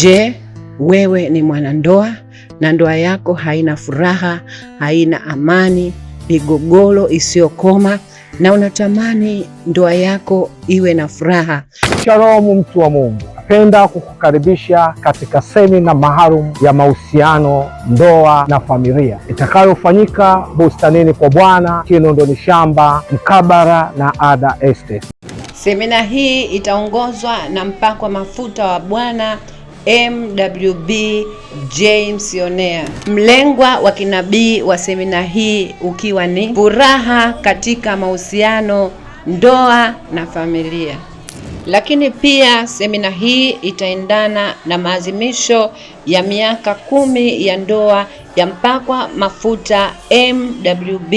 Je, wewe ni mwanandoa na ndoa yako haina furaha, haina amani, migogoro isiyokoma na unatamani ndoa yako iwe na furaha? Shalom, mtu wa Mungu, napenda kukukaribisha katika semina maalum ya mahusiano, ndoa na familia itakayofanyika bustanini kwa Bwana Kinondoni Shamba, mkabara na Ada Estate. Semina hii itaongozwa na mpakwa mafuta wa Bwana MWB James Yonea, mlengwa wa kinabii wa semina hii ukiwa ni furaha katika mahusiano, ndoa na familia. Lakini pia semina hii itaendana na maadhimisho ya miaka kumi ya ndoa ya mpakwa mafuta MWB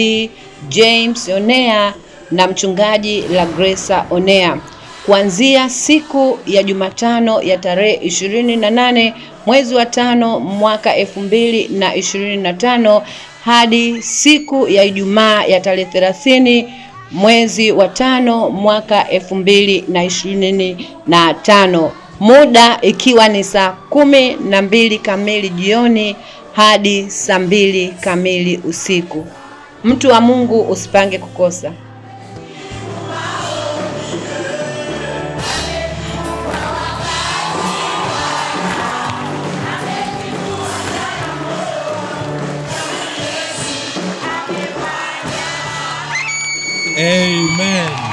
James Onea na mchungaji Lagresa Onea kuanzia siku ya Jumatano ya tarehe ishirini na nane mwezi wa tano mwaka elfu mbili na ishirini na tano hadi siku ya Ijumaa ya tarehe thelathini mwezi wa tano mwaka elfu mbili na ishirini na tano muda ikiwa ni saa kumi na mbili kamili jioni hadi saa mbili kamili usiku. Mtu wa Mungu, usipange kukosa. Amen.